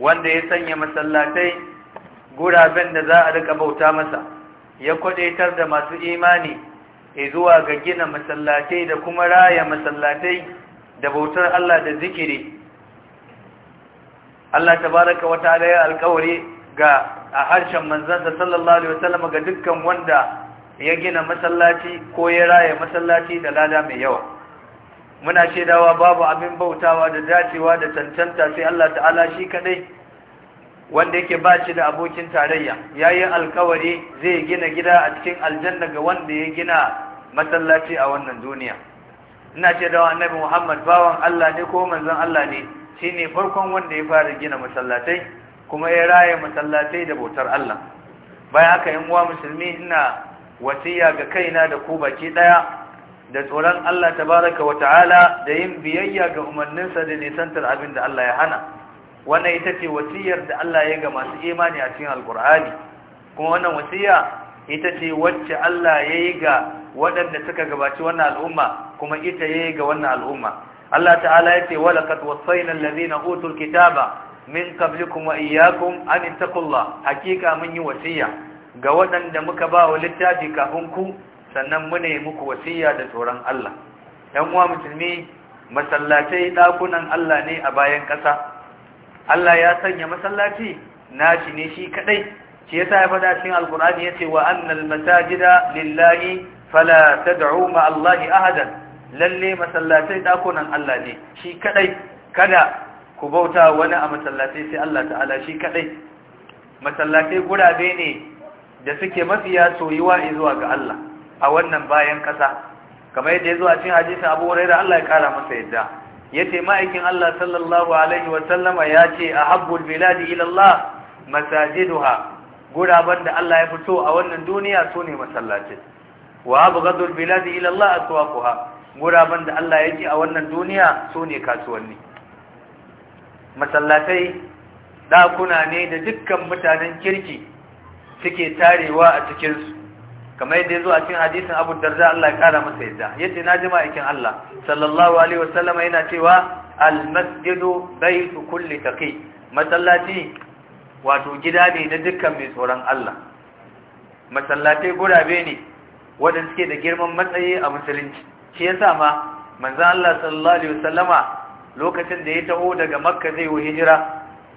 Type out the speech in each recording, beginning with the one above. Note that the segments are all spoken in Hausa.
wanda ya sanya masallatai guraben da za a rika bauta masa ya kwadaitar da masu imani zuwa ga gina masallatai da kuma raya masallatai da bautar Allah da zikiri Allah tabaraka wa ta'ala ya alƙawari ga a harshen manzansa sallallahu alaihi wasallam ga dukkan wanda ya gina masallaci ko ya raya masallaci da lada mai yawa muna shaidawa babu abin bautawa da dacewa da tantanta sai Allah ta'ala shi kadai wanda yake ba shi da abokin tarayya yayi alkawari zai gina gida a cikin aljanna ga wanda ya gina masallaci a wannan duniya ina shaidawa annabi Muhammad bawan Allah ne ko manzon Allah ne shine farkon wanda ya fara gina masallatai kuma ya raya masallatai da bautar Allah bayan haka yan uwa musulmi ina wasiya ga kaina da ku baki daya da tsoron Allah tabaraka Wata'ala) ta'ala da yin biyayya ga umarninsa da nisantar abin da Allah ya hana wannan ita ce wasiyar da Allah ya ga masu imani a cikin alkur'ani kuma wannan wasiya ita ce wacce Allah ya yi ga waɗanda suka gabaci wannan al'umma kuma ita ya yi ga wannan al'umma Allah ta'ala ya ce walakat wasaina allazina utul kitaba min qablikum wa iyyakum an ittaqullah hakika mun yi wasiya ga waɗanda muka ba wa littafi kafin ku sannan mu ne muku wasiya da tsoron Allah ɗan uwa musulmi masallatai ɗakunan Allah ne a bayan ƙasa Allah ya sanya masallaci nashi ne shi kadai shi sa ya faɗa cikin ya ce wa annal masajida lillahi fala tad'u ma allahi ahadan lalle masallatai ɗakunan Allah ne shi kadai kada ku bauta wani a masallatai sai Allah ta'ala shi kadai masallatai gurabe ne da suke mafiya soyuwa zuwa ga Allah a wannan bayan kasa kamar yadda ya zuwa cin cikin hadisin Abu Hurairah Allah ya kara masa yadda Ya ce ma'aikin Allah sallallahu alaihi wa sallama yace ahabbul biladi ila Allah masajiduha guraban da Allah ya fito a wannan duniya sune masallaci wa abghadul biladi ila Allah aswaquha guraben da Allah yake a wannan duniya su ne kasuwanni masallatai dakuna ne da dukkan mutanen kirki suke tarewa a cikinsu kamar yadda ya zo a cikin hadisin abu darda Allah ya kara masa yadda ya ce na jima aikin Allah sallallahu alaihi wasallam yana cewa almasjidu baitu kulli taqi masallaci wato gida ne na dukkan mai tsoron Allah masallatai gurabe ne wadanda suke da girman matsayi a musulunci shi yasa ma manzo Allah sallallahu alaihi wasallama lokacin da ya taho daga makka zai yi hijira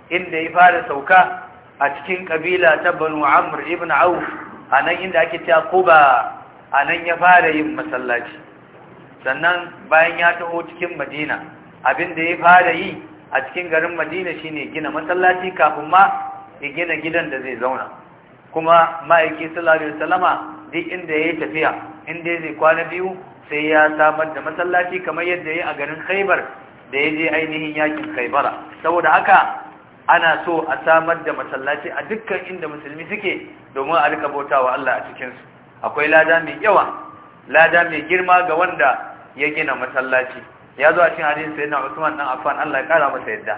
inda ya fara sauka a cikin kabila ta banu amr ibn auf a nan inda ake cewa kuba a nan ya fara yin masallaci sannan bayan ya taho cikin madina abin da ya fara yi a cikin garin madina shine gina masallaci kafin ma ya gina gidan da zai zauna kuma ma'aiki salari Salama duk inda ya yi tafiya inda zai kwana biyu sai ya samar da masallaci kamar yadda ya yi a garin khaibar da ya je ainihin yakin khaibara saboda haka ana so a samar da masallaci a dukkan inda musulmi suke domin a rika bautawa Allah a cikin su akwai lada mai yawa lada mai girma ga wanda ya gina masallaci ya zo a cikin hadisin na Usman dan Affan Allah ya kara masa yadda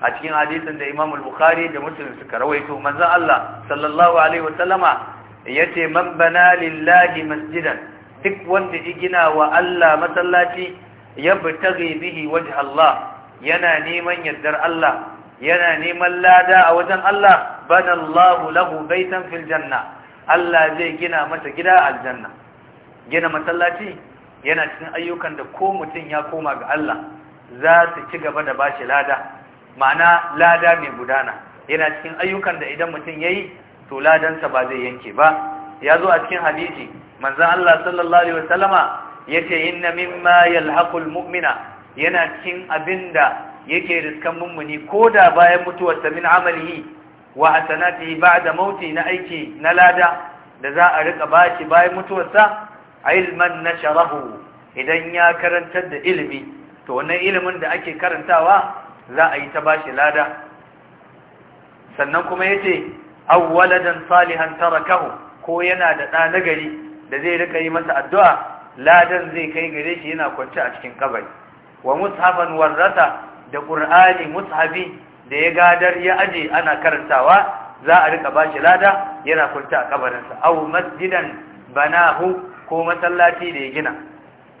a cikin hadisin da Imam al-Bukhari da Muslim suka rawaito manzon Allah sallallahu alaihi wasallama yace man bana lillahi masjidan duk wanda ya gina wa Allah masallaci ya bitaghi bihi wajh Allah yana neman yardar Allah yana neman lada a wajen Allah banallahu lahu baitan fil janna Allah zai gina mata gida a aljanna gina masallaci yana cikin ayyukan da ko mutum ya koma ga Allah za su ci gaba da bashi lada ma'ana lada mai gudana yana cikin ayyukan da idan mutum yayi to ladansa ba zai yanke ba ya zo a cikin hadisi manzon Allah sallallahu alaihi wasallama yace inna mimma yalhaqul mu'mina yana cikin abinda yake riskan mummuni ko da bayan mutuwarsa min amalihi wa hasanatihi da mauti na aiki na lada da za a rika bashi bayan mutuwarsa ilman nasharahu idan ya karantar da ilimi to wannan ilimin da ake karantawa za a yi ta bashi lada sannan kuma yace aw waladan salihan tarakahu ko yana da ɗa nagari da zai rika yi masa addu'a ladan zai kai gare shi yana kwance a cikin kabari wa mushafan warrasa da ƙur'ani mushabi da ya gadar ya aje ana karantawa za a rika bashi lada yana kulta a kabarinsa aw masjidan banahu ko masallaci da ya gina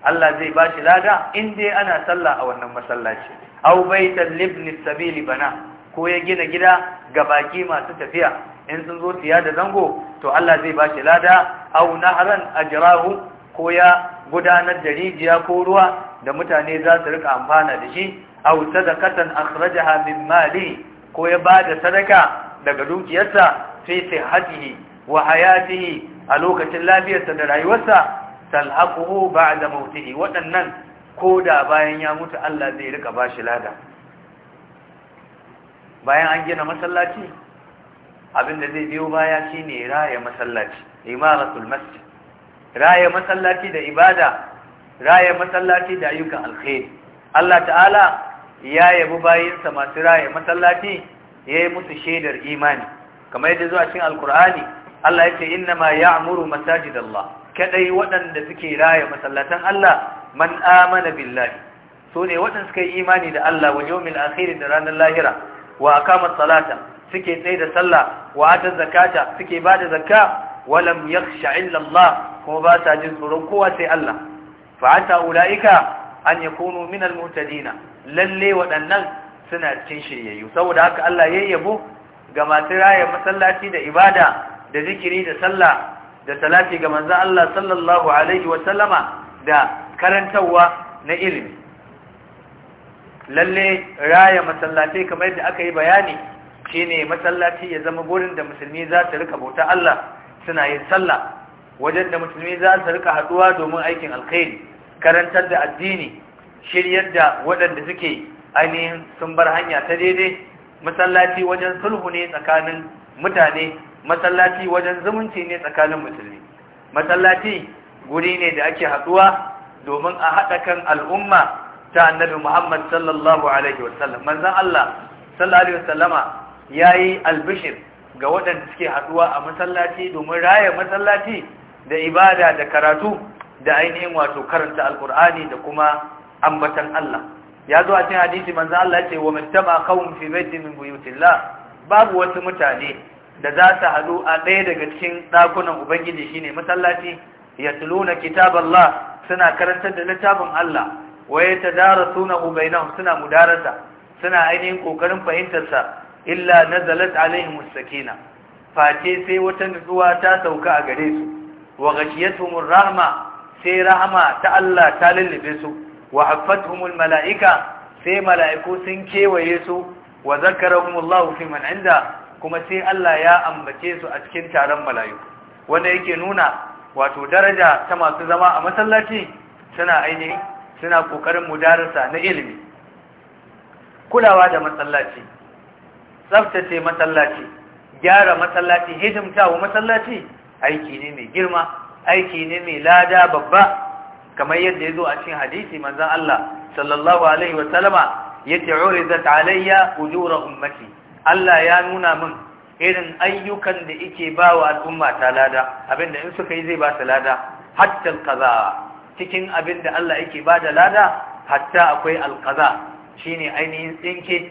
Allah zai bashi lada in dai ana sallah a wannan masallaci aw baitan libni sabili bana ko ya gina gida ga baki masu tafiya in sun zo tiya da zango to Allah zai bashi lada aw nahran ajrahu ko ya gudanar da rijiya ko ruwa da mutane za su rika amfana da shi aw sadaqatan akhrajaha min mali ko ya bada sadaka daga dukiyarsa fi sihhatihi wa hayatihi a lokacin lafiyarsa da rayuwarsa talhaquhu ba'da mautihi waɗannan koda bayan ya mutu Allah zai rika bashi lada bayan an gina masallaci abinda zai biyo baya shine raya masallaci imaratul masjid raya masallaci da ibada raya masallaci da ayyukan alkhair Allah ta'ala ya yabi bayinsa masu raya masallaci ya yi musu shaidar imani kamar yadda zuwa cikin alkur'ani Allah ya ce inna ma ya ya'muru Allah. kadai waɗanda suke raya masallatan Allah man amana billahi so ne waɗanda suka yi imani da Allah wa yawmil akhir da ranar lahira wa aqama salata suke tsaye da sallah wa ata zakata suke bada zakka wa lam yakhsha illa Allah kuma ba sa jin tsoron kowa sai Allah fa ata ulaika an yakunu min al-muhtadina lalle waɗannan suna cikin shiryayyu saboda haka Allah ya yabo ga masu raya masallaci da ibada da zikiri da sallah da salati ga manzon Allah sallallahu alaihi wa da karantarwa na ilimi lalle raya masallaci kamar yadda aka yi bayani shine masallaci ya zama gurin da musulmi za su rika bauta Allah suna yin sallah wajen da musulmi za su rika haduwa domin aikin alkhairi karantar da addini shiryar da waɗanda suke ainihin sun bar hanya ta daidai masallaci wajen sulhu ne tsakanin mutane masallaci wajen zumunci ne tsakanin musulmi masallaci guri ne da ake haɗuwa domin a haɗa kan al'umma ta annabi Muhammad sallallahu alaihi wasallam manzan Allah sallallahu alaihi wasallama yi albishir ga waɗanda suke haɗuwa a masallaci domin raya masallaci da ibada da karatu da ainihin wato karanta alkur'ani da kuma ambatan Allah ya zo a cikin hadisi manzo Allah ya ce wa mattama qawm fi baitin min buyutillah babu wasu mutane da za su hadu a ɗaya daga cikin ɗakunan ubangiji shine masallaci yatluna kitaballah suna karantar da littafin Allah Waye yatadarasunahu bainahum suna mudarasa suna ainihin kokarin fahimtar sa illa nazalat alaihim sakina Fati sai wata nutsuwa ta sauka a gare su wa ghashiyatuhum rahma sai rahama ta Allah ta lullube su wa haffatuhumul mala'ika sai mala'iku sun kewaye su wa zakarahumullahu fi man inda kuma sai Allah ya ambace su a cikin taron mala'iku wanda yake nuna wato daraja ta masu zama a masallaci suna ainihin suna kokarin mudarasa na ilimi kulawa da masallaci tsaftace masallaci gyara masallaci wa masallaci aiki ne mai girma aiki ne mai lada babba kamar yadda ya zo a cikin hadisi manzan Allah sallallahu alaihi wa ya yace alayya ujura ummati Allah ya nuna min irin ayyukan da yake bawa al'umma ta lada abinda in suka yi zai ba su lada hatta alqaza cikin abinda Allah yake ba da lada hatta akwai Shi shine ainihin tsinke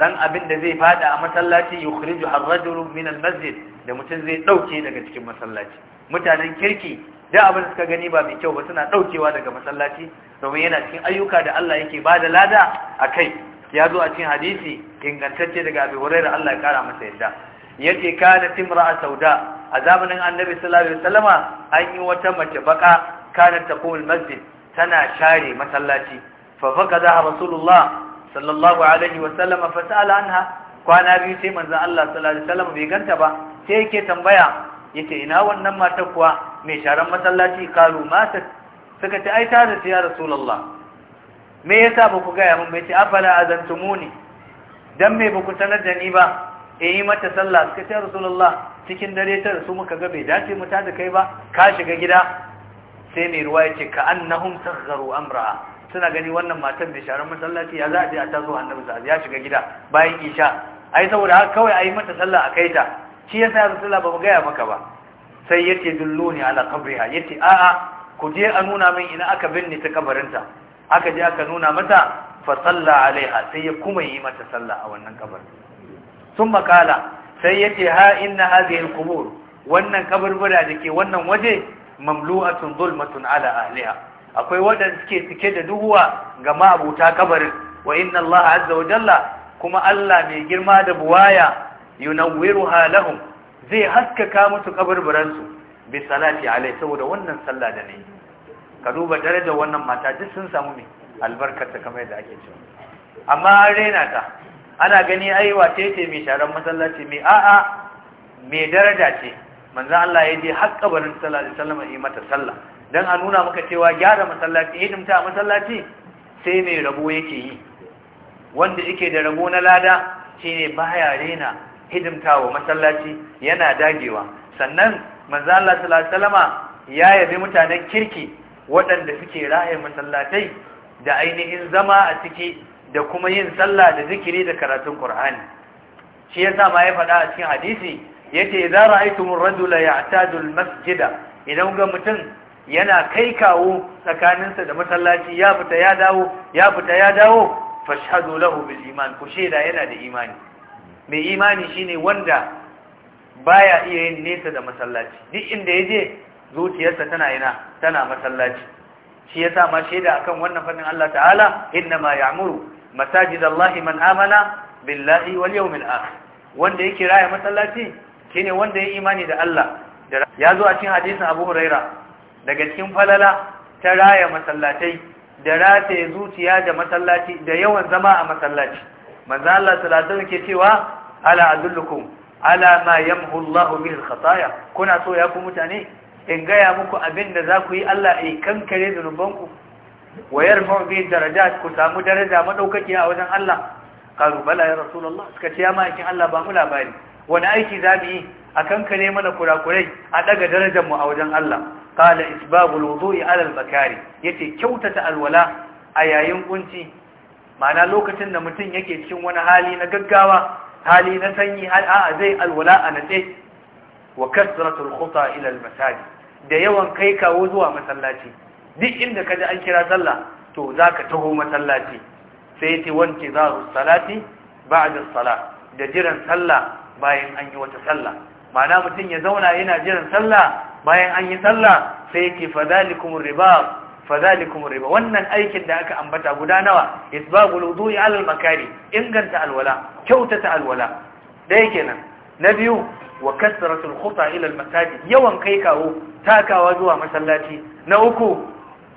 ɗan abinda zai fada a masallaci yi ar-rajulu min al-masjid da mutum zai ɗauke daga cikin masallaci mutanen kirki da abin da suka gani ba mai kyau ba suna ɗaukewa daga masallaci domin yana cikin ayyuka da Allah yake ba da lada a kai ya zo a cikin hadisi ingantacce daga abin wurare da Allah ya kara masa yadda ya ce kana timra a sauda a zamanin annabi sallallahu alaihi wasallama an yi wata mace baka kana ta masjid tana share masallaci fa faka za rasulullah sallallahu alaihi wasallama fa sa'ala anha kwana biyu sai manzon Allah sallallahu alaihi wasallama bai ganta ba sai yake tambaya yake ina wannan matar kuwa mai sharan masallaci kalu matat suka ce ai ta ya rasulullah me yasa ba ku gaya mun ce afala azantumuni dan me ba ku sanar da ni ba e eh, yi mata sallah suka ce rasulullah cikin dare ta rasu muka ga bai dace mu ta da kai ba ka shiga gida sai mai ruwa ya ce ka annahum sagharu amra suna gani wannan matan mai sharan masallaci ya za a je a tazo annabi sa ya shiga gida bayan isha ai saboda haka kawai ayi mata sallah a kai ta shi yasa rasulullah ba mu gaya maka ba sai yace dulluni ala Ya yace a'a ku je a nuna min ina aka binne ta kabarinta aka je aka nuna mata fa salla alaiha sai ya kuma yi mata sallah a wannan kabarin sun makala sai yace ha inna hadhihi alqubur wannan kaburbura dake wannan waje mamlu'atun zulmatun ala ahliha akwai wadanda suke cike da duhuwa ga ma'abuta kabarin wa inna Allah azza wa jalla kuma Allah mai girma da buwaya yunawwiruha lahum zai haskaka musu kaburburansu bi salati alai saboda wannan sallah da ne ka duba darajar wannan mata duk sun samu ne ta kamar da ake cewa amma an rena ta ana gani ai wace ce mai sharan masallaci mai a'a mai daraja ce manzo Allah ya je har kabarin sallallahu alaihi wasallam yi mata sallah dan a nuna maka cewa gyara masallaci hidimta a masallaci sai mai rabo yake yi wanda yake da rabo na lada shine baya rena hidimtawa masallaci yana dagewa sannan manzo Allah sallallahu alaihi wasallama ya yabi mutanen kirki waɗanda suke raye masallatai da ainihin zama a ciki da kuma yin sallah da zikiri da karatun Qur'ani shi yasa ma ya faɗa a cikin hadisi yace idza ra'aytumur rajula ya'tadu almasjida idan ga mutum yana kai kawo tsakaninsa da masallaci ya fita ya dawo ya fita ya dawo fashhadu lahu bil iman ku sheda yana da imani mai imani shine wanda baya iya yin nesa da masallaci duk inda ya je zuciyarsa tana ina tana masallaci shi yasa ma shaida akan wannan fadin Allah ta'ala Inna ma ya'muru masajidallahi man amana billahi wal yawmil akhir wanda yake raya masallaci shine wanda ya imani da Allah ya zo a cikin hadisin Abu Huraira daga cikin falala ta raya masallatai da rataye zuciya da masallaci da yawan zama a masallaci manzo Allah sallallahu alaihi wasallam ke cewa ala adullukum ala ma yamhu Allahu bihi al-khataya kuna so ya ku mutane in gaya muku abin da za ku yi Allah ya kankare zunubanku wa yarfa'u bihi darajat ku samu daraja madaukaki a wajen Allah qalu bala ya rasulullah suka ce ya ma'aikin Allah ba mu labari wani aiki za mu yi a kankare mana kurakurai a daga darajar mu a wajen Allah qala isbabul wudu'i ala al-bakari yace kyautata alwala a yayin kunci ma'ana lokacin da mutum yake cikin wani hali na gaggawa hali na sanyi hal a'a zai alwala a natse wa kasratul khuta ila al masajid da yawan kai kawo zuwa masallaci duk inda kaji an kira sallah to zaka taho masallaci sai ce wanke zaru salati ba'da salat da jiran sallah bayan an yi wata sallah ma'ana mutum ya zauna yana jiran sallah bayan an yi sallah sai yake fadalikum ribab fadhalikum riba wannan aikin da aka ambata guda nawa isbagul wudu'i alal makari inganta alwala kyautata alwala dai kenan na biyu wa kasratul khuta ila al masajid yawan kai kawo takawa zuwa masallaci na uku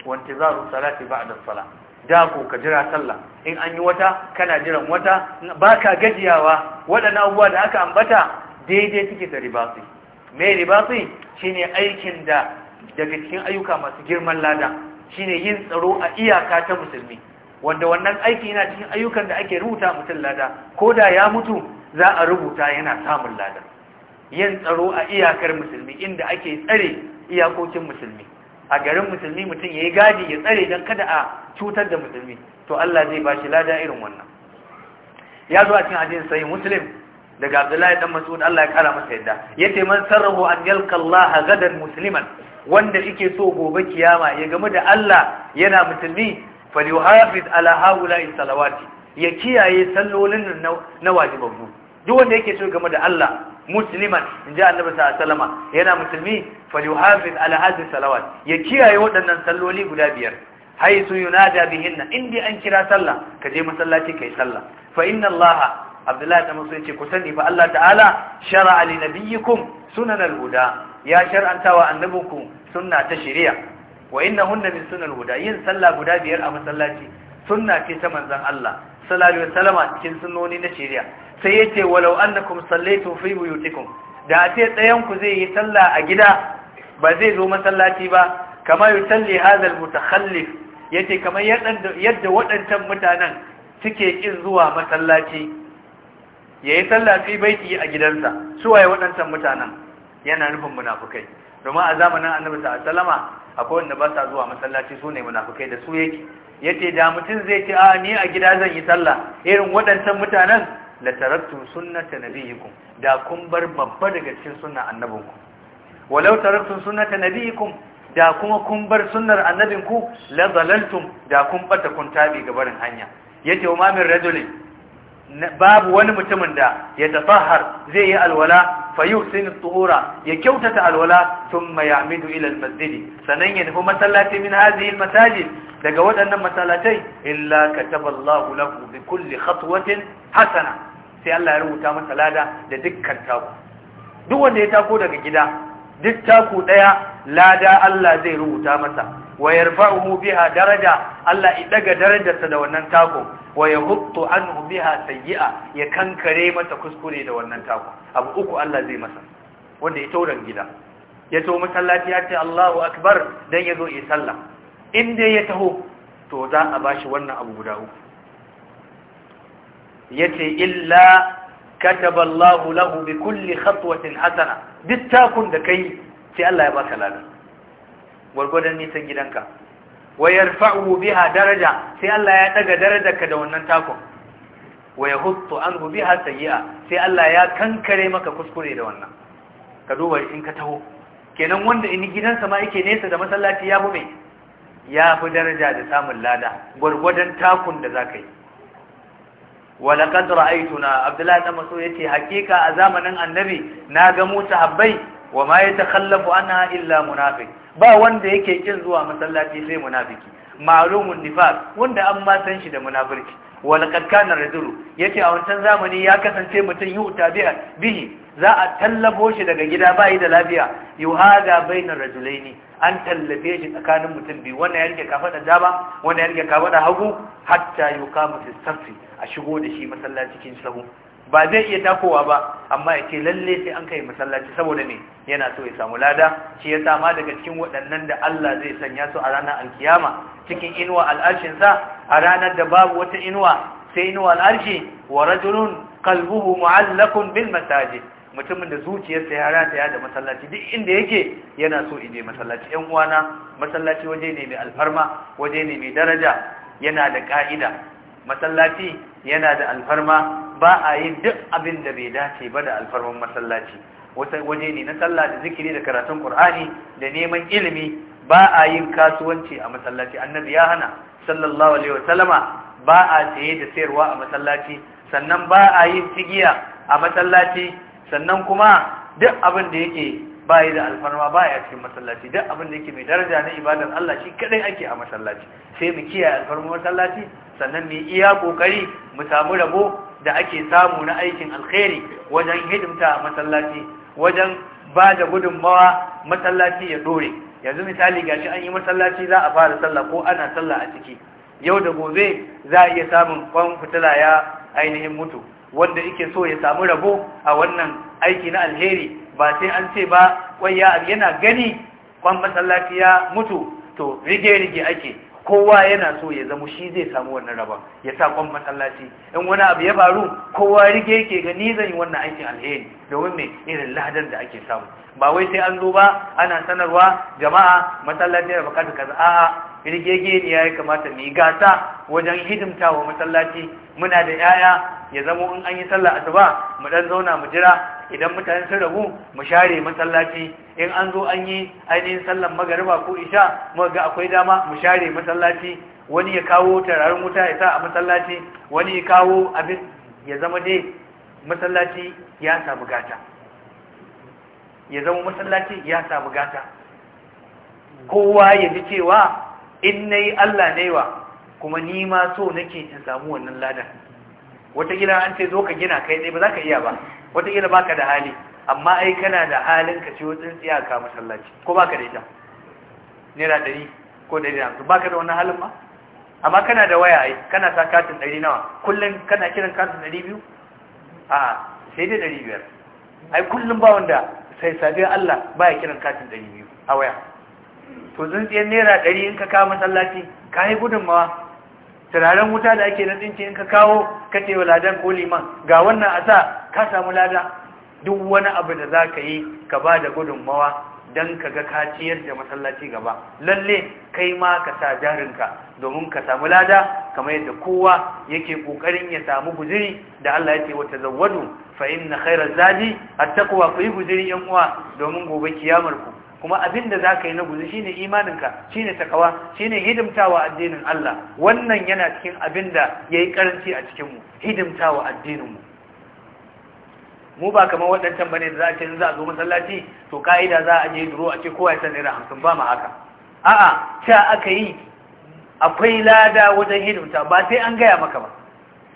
wa intizaru salati ba'da salat da ko ka jira sallah in an yi wata kana jiran wata baka gajiyawa waɗannan abubuwa da aka ambata daidai suke da ribasi mai ribasi shine aikin da daga cikin ayyuka masu girman lada shine yin tsaro a iyaka ta musulmi wanda wannan aiki yana cikin ayyukan da ake rubuta mutum lada ko da ya mutu za a rubuta yana samun lada yin tsaro a iyakar musulmi inda ake tsare iyakokin musulmi a garin musulmi mutum ya yi gadi ya tsare don kada a cutar da musulmi to Allah zai ba shi lada irin wannan ya zo a cikin hadisin sahih muslim daga Abdullahi dan Mas'ud Allah ya kara masa yadda yace man sarrahu an yalqa Allah gadan musliman wanda yake so gobe kiyama ya gamu da Allah yana musulmi falyuhafiz ala haula'i salawati ya kiyaye sallolin na wajibabbu duk wanda yake so game da Allah musliman inji annabi sallallahu alaihi yana musulmi falyuhafiz ala hadhihi salawat ya kiyaye waɗannan salloli guda biyar haythu yunada bihinna indi an kira sallah ka je masallaci kai sallah fa inna Allah abdullahi da musu yace ku sani fa Allah ta'ala shar'a li nabiyyikum sunan al-huda ya shar'antawa annabinku sunna ta shari'a wa innahunna min sunan al-huda yin sallah guda biyar a masallaci sunna ce ta manzon Allah sallallahu alaihi wasallama cikin sunnoni na shari'a sai yace walau annakum sallaitu fi buyutikum da ce dayan ku zai yi sallah a gida ba zai zo masallaci ba kama yusalli hadha al-mutakhallif yace kamar yadda waɗancan mutanen suke kin zuwa masallaci yayi sallah fi baiti a gidansa su waye waɗancan mutanen yana nufin munafukai domin a zamanin annabi sallallahu Salama akwai wanda ba sa zuwa masallaci su ne munafukai da su yake yace da mutum zai ce a ni a gida zan yi sallah irin waɗancan mutanen la taraktu sunnata nabiyikum da kun bar babba daga cikin sunnar annabinku walau taraktu sunnata nabiyikum da kuma kun bar sunnar annabinku la zalaltum da kun bata kun tabi ga barin hanya yace wa ma rajulin babu wani mutumin da ya tafahar zai yi alwala fayusin tuhura ya kyautata alwala thumma ya'midu ilal masjidi sanan ya nufi masallacin min hadhihi almasajid daga waɗannan masallatai illa kataba Allahu lahu bi kulli khatwatin hasana sai Allah ya rubuta masa lada da dukkan taku duk wanda ya tako daga gida duk taku ɗaya lada Allah zai rubuta masa wa yarfa'uhu biha daraja Allah ya daga darajarsa da wannan tako wa yahuttu anhu biha sayyi'a ya kankare masa kuskure da wannan tako abu uku Allah zai masa wanda ya tauran gida ya to masallaci ya ce Allahu akbar dan yazo ya sallah in dai ya taho to za a bashi wannan abu guda uku yace illa katab'Allahu lahu bi kulli khatwatin hasana duk da kai sai Allah ya baka ladan gwargwadon nisan gidanka Wayar yarfa'uhu biha daraja sai Allah ya daga darajarka da wannan takon wa yahuttu anhu biha sayyi'a sai Allah ya kankare maka kuskure da wannan ka duba in ka taho kenan wanda in gidansa ma yake nesa da masallaci ya fi mai ya fi daraja da samun lada gwargwadon takun da za ka yi wala aitu aituna abdullahi na maso ya ce hakika a zamanin annabi na ga musa Habbai. wa ma yatakhallafu ana illa munafiq ba wanda yake kin zuwa masallaci sai munafiki ma'lumun nifaq wanda an ma san shi da munafiki walaqad kana rajulu yace a wancan zamani ya kasance mutum yu tabi'a bihi za a tallafo shi daga gida bai da lafiya yuhada bainar rajulaini an tallafe shi tsakanin mutum biyu wannan ya rike kafada dama wannan ya rike kafada hagu hatta yuqamu fi safi a shigo da shi masallaci cikin sahu ba zai iya takowa ba amma ya ce lalle sai an kai masallaci saboda ne yana so ya samu lada shi ya sama daga cikin waɗannan da Allah zai sanya su a ranar alkiyama cikin inuwa al'arshinsa a ranar da babu wata inuwa sai inuwa al'arshi wa rajulun qalbuhu mu'allakun bil masajid mutumin da zuciyarsa ya rata ya da masallaci duk inda yake yana so je masallaci ƴan uwana masallaci waje ne mai alfarma waje ne mai daraja yana da ka'ida masallaci yana da alfarma ba a yi duk abin da bai dace ba da alfarman masallaci wata waje ne na sallah da zikiri da karatun qur'ani da neman ilimi ba a yin kasuwanci a masallaci annabi ya hana sallallahu alaihi wasallama ba a saye da sayarwa a masallaci sannan ba a yin tigiya a masallaci sannan kuma duk abin da yake yi da alfarma baya cikin masallaci duk abin da yake mai daraja na ibadar Allah shi kadai ake a masallaci sai mu kiyaye alfarman masallaci sannan mai iya kokari mu samu rabo da ake samu na aikin alkhairi wajen hidimta a masallaci wajen ba da gudunmawa masallaci ya dore yanzu misali gashi an yi masallaci za a fara sallah ko ana sallah a ciki yau da gobe za a iya samun kwan fitila ya ainihin mutu wanda yake so ya samu rabo a wannan aiki na alheri ba sai an ce ba kwai yana gani kwan masallaci ya mutu to rige-rige ake kowa yana so ya zama shi zai samu wannan rabon ya sa kwan masallaci in wani abu ya faru kowa rige yake gani zan yi wannan aikin alheri domin mai irin ladar da ake samu ba wai sai an zo ba ana sanarwa jama'a masallaci da bukata kaza a'a rigege ne ya kamata mu yi gasa wajen hidimta wa masallaci muna da yaya ya zama in an yi sallah asuba mu dan zauna mu jira idan mutane sun rabu mu share masallaci in an zo an yi ainihin sallan magariba ko isha mu ga akwai dama mu share masallaci wani ya kawo tararin wuta ya sa a masallaci wani ya kawo abin ya zama dai masallaci ya samu gata ya zama masallaci ya samu gata kowa ya ji cewa in nayi Allah ne wa kuma ni ma so nake in samu wannan ladan wata gida an ce zo ka gina kai ne ba za ka iya ba wataƙila baka da hali amma ai kana da halin ka ciwo tsintsiya ka masallaci ko baka da ita nera ɗari ko ɗari da hamsin baka da wannan halin ma amma kana da waya ai kana sa katin ɗari nawa kullum kana kiran katin ɗari biyu a sai dai ɗari biyar ai kullum ba wanda sai sabiyar Allah ba ya kiran katin ɗari biyu a waya to tsintsiyar naira ɗari in ka kawo masallaci ka yi gudunmawa turaren wuta da ake na tsinci in ka kawo ka ce wa ladan ko liman ga wannan a sa ka samu lada duk wani abu da za ka yi ka ba da gudunmawa don ka ga ka ciyar da masallaci gaba lalle kai ma ka sa jarinka domin ka samu lada kamar yadda kowa yake kokarin ya samu guziri da Allah yake wata zawwadu fa inna khairaz zadi at-taqwa ku yi guziri yan uwa domin gobe kiyamar ku kuma abin da za ka yi na guzu shine imaninka shine takawa shine hidimtawa addinin Allah wannan yana cikin abin da ya yi karanci a cikinmu hidimtawa addininmu mu ba kamar waɗancan ba ne da za a ce za a zo masallaci to ka'ida za a je duro a ce kowa ya san naira hamsin ba ma haka a'a ta aka yi akwai lada wajen hidimta ba sai an gaya maka ba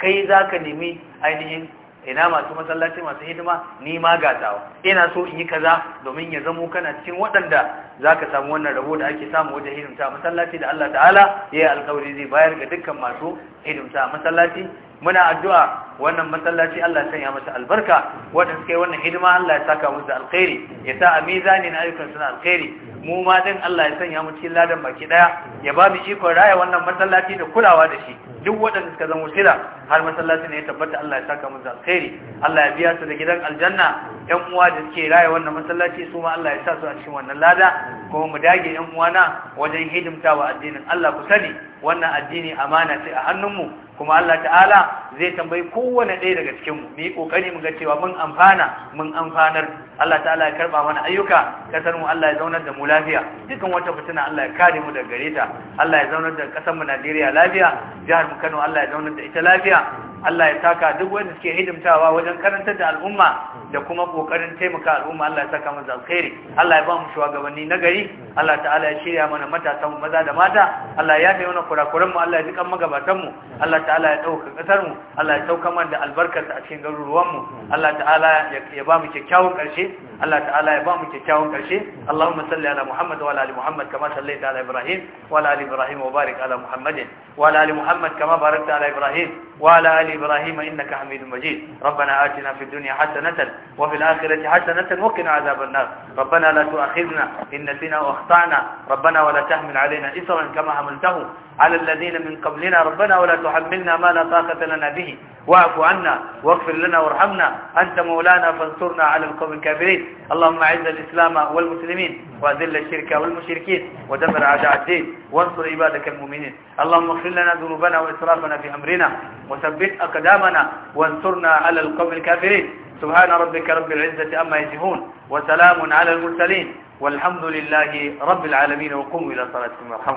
kai za ka nemi ainihin ina masu masallaci masu hidima ni ma gatawa ina so in yi kaza domin ya zamo kana cikin waɗanda za ka samu wannan rabo da ake samu wajen hidimta masallaci da Allah ta'ala ya yi alƙawari zai bayar ga dukkan masu hidimta masallaci muna addu'a wannan masallaci Allah ya sanya masa albarka waɗanda suka yi wannan hidima Allah ya saka musu alkhairi ya sa a mizanin ayyukan suna alkhairi mu ma din Allah ya sanya mu cikin ladan baki daya ya ba mu ikon raya wannan masallaci da kulawa da shi duk waɗanda suka zama wasila har masallaci ne ya tabbata Allah ya saka mu alkhairi Allah ya biya su da gidan aljanna ƴan uwa da suke raya wannan masallaci su ma Allah ya sa su a cikin wannan lada kuma mu dage ƴan uwana wajen hidimtawa addinin Allah ku sani wannan addini amana ce a hannunmu kuma Allah ta'ala zai tambayi kowane ɗaya daga cikinmu mu yi ƙoƙari mu ga cewa mun amfana mun amfanar Allah ta'ala ya karɓa mana ayyuka ƙasarmu Allah ya zaunar da mu lafiya dukan wata fitina Allah ya kare mu daga gare ta Allah ya zaunar da ƙasarmu Najeriya lafiya jihar mu Kano Allah ya zaunar da ita lafiya Allah ya taka duk wanda suke hidimtawa wajen karantar da al'umma da kuma kokarin taimaka al'umma Allah ya saka masa alkhairi Allah ya ba mu shugabanni na gari Allah ta'ala ya shirya mana matasan maza da mata Allah ya yafe mana kurakuran mu Allah ya jikan magabatan mu Allah ta'ala ya dauka kasar mu Allah ya sauka mana da albarkarsa a cikin garuruwan mu Allah ta'ala ya ba mu kyakkyawan karshe Allah ta'ala ya ba mu kyakkyawan karshe Allahumma salli ala Muhammad wa ala Muhammad kama sallaita ala Ibrahim wa ala Ibrahim wa barik ala Muhammadin wa ala Muhammad kama barakta ala Ibrahim wa ala آل إبراهيم إنك حميد مجيد ربنا آتنا في الدنيا حسنة وفي الآخرة حسنة وقنا عذاب النار ربنا لا تؤاخذنا إن نسينا وأخطأنا ربنا ولا تحمل علينا إصرا كما حملته على الذين من قبلنا ربنا ولا تحملنا ما لا طاقة لنا به واعف عنا واغفر لنا وارحمنا أنت مولانا فانصرنا على القوم الكافرين اللهم أعز الإسلام والمسلمين وأذل الشرك والمشركين ودمر أعداء الدين وانصر عبادك المؤمنين اللهم اغفر لنا ذنوبنا وإسرافنا في أمرنا وثبت أقدامنا وانصرنا على القوم الكافرين سبحان ربك رب العزة أما يزهون وسلام على المرسلين والحمد لله رب العالمين وقوموا إلى صلاتكم يرحمكم